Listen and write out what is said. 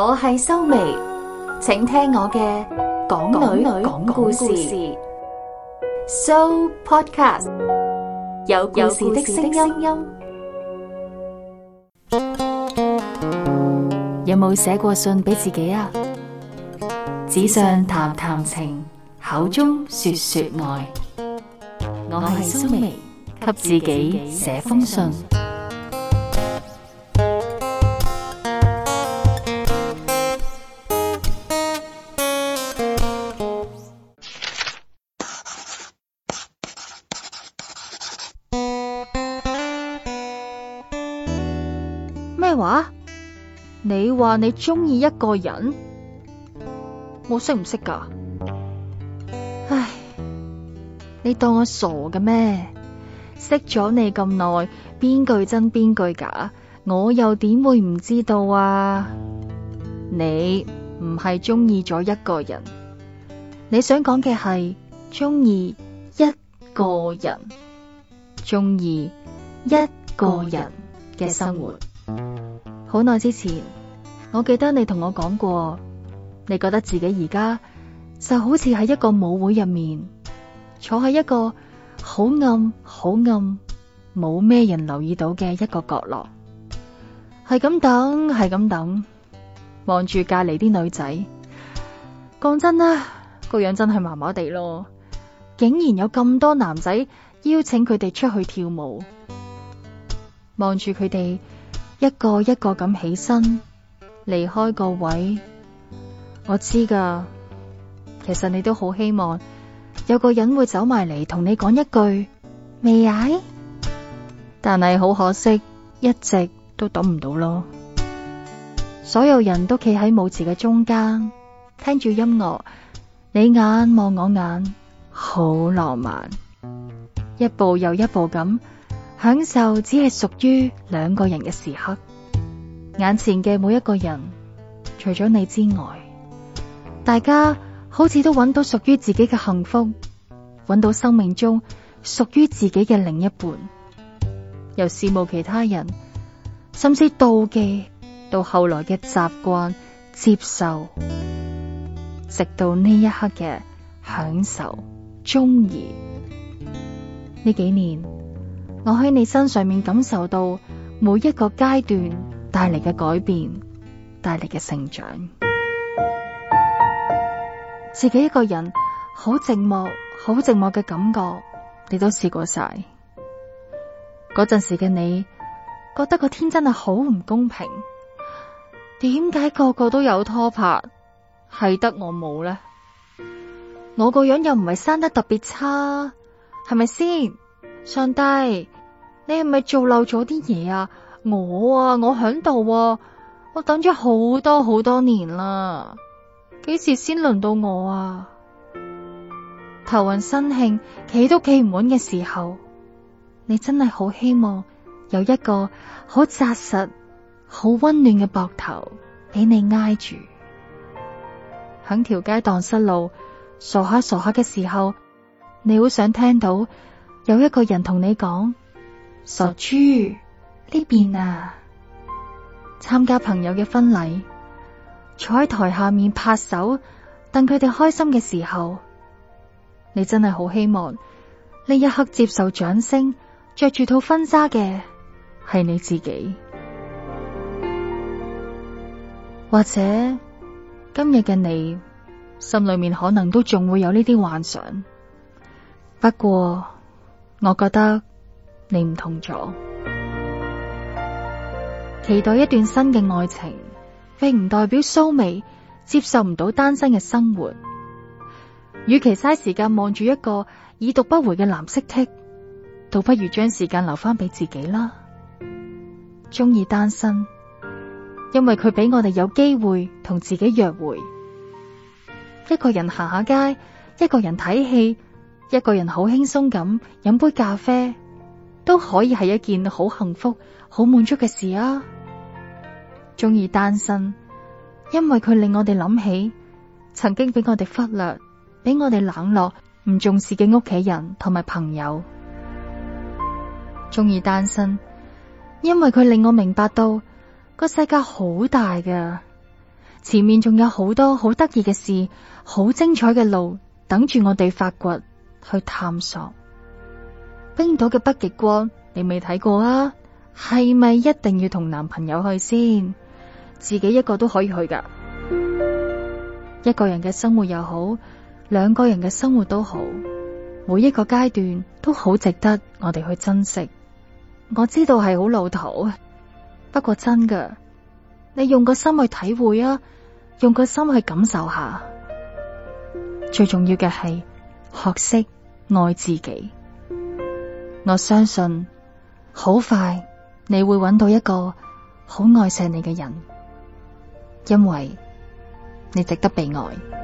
我係蘇眉，請聽我嘅講女女講故事，So Podcast 有故事的聲音。有冇寫過信俾自己啊？紙上談談情，口中說說愛。我係蘇眉，給自己寫封信。咩話？你話你中意一個人，我識唔識噶？唉，你當我傻嘅咩？識咗你咁耐，邊句真邊句假？我又點會唔知道啊？你唔係中意咗一個人，你想講嘅係中意一個人，中意一個人嘅生活。好耐之前，我記得你同我講過，你覺得自己而家就好似喺一個舞會入面，坐喺一個好暗、好暗、冇咩人留意到嘅一個角落，係咁等，係咁等，望住隔籬啲女仔。講真啦，個樣真係麻麻地咯，竟然有咁多男仔邀請佢哋出去跳舞，望住佢哋。一個一個咁起身離開個位，我知㗎。其實你都好希望有個人會走埋嚟，同你講一句未解，啊、但係好可惜，一直都等唔到咯。所有人都企喺舞池嘅中間，聽住音樂，你眼望我眼，好浪漫。一步又一步咁。享受只係屬於兩個人嘅時刻，眼前嘅每一個人，除咗你之外，大家好似都揾到屬於自己嘅幸福，揾到生命中屬於自己嘅另一半，由羨慕其他人，甚至妒忌，到後來嘅習慣接受，直到呢一刻嘅享受，終而，呢幾年。我喺你身上面感受到每一個階段帶嚟嘅改變，帶嚟嘅成長。 自己一個人好寂寞，好寂寞嘅感覺，你都試過晒。嗰陣 時嘅你，覺得個天真係好唔公平，點解個個都有拖拍，係得我冇呢？ 我個樣又唔係生得特別差，係咪先？上帝。你係咪做漏咗啲嘢啊？我啊，我喺度啊，我等咗好多好多年啦，幾時先輪到我啊？頭暈身慶，企都企唔穩嘅時候，你真係好希望有一個好紮實、好溫暖嘅膊頭俾你挨住。響條街蕩失路，傻下傻下嘅時候，你好想聽到有一個人同你講。傻豬，呢邊啊，參加朋友嘅婚禮，坐喺台下面拍手，等佢哋開心嘅時候，你真係好希望呢一刻接受掌聲，着住套婚紗嘅係你自己，或者今日嘅你，心裏面可能都仲會有呢啲幻想，不過我覺得。你唔痛咗，期待一段新嘅愛情，並唔代表蘇眉接受唔到單身嘅生活。與其嘥時間望住一個已讀不回嘅藍色 T，倒不如將時間留翻俾自己啦。中意單身，因為佢俾我哋有機會同自己約會，一個人行下街，一個人睇戲，一個人好輕鬆咁飲杯咖啡。都可以係一件好幸福、好滿足嘅事啊！中意單身，因為佢令我哋諗起曾經俾我哋忽略、俾我哋冷落、唔重視嘅屋企人同埋朋友。中意單身，因為佢令我明白到、這個世界好大嘅，前面仲有好多好得意嘅事、好精彩嘅路等住我哋發掘去探索。冰島嘅北極光，你未睇過啊？係咪一定要同男朋友去先？自己一個都可以去噶。 一個人嘅生活又好，兩個人嘅生活都好，每一個階段都好值得我哋去珍惜。我知道係好老土啊，不過真噶，你用個心去體會啊，用個心去感受下。最重要嘅係學識愛自己。我相信，好快你會揾到一個好愛錫你嘅人，因為你值得被愛。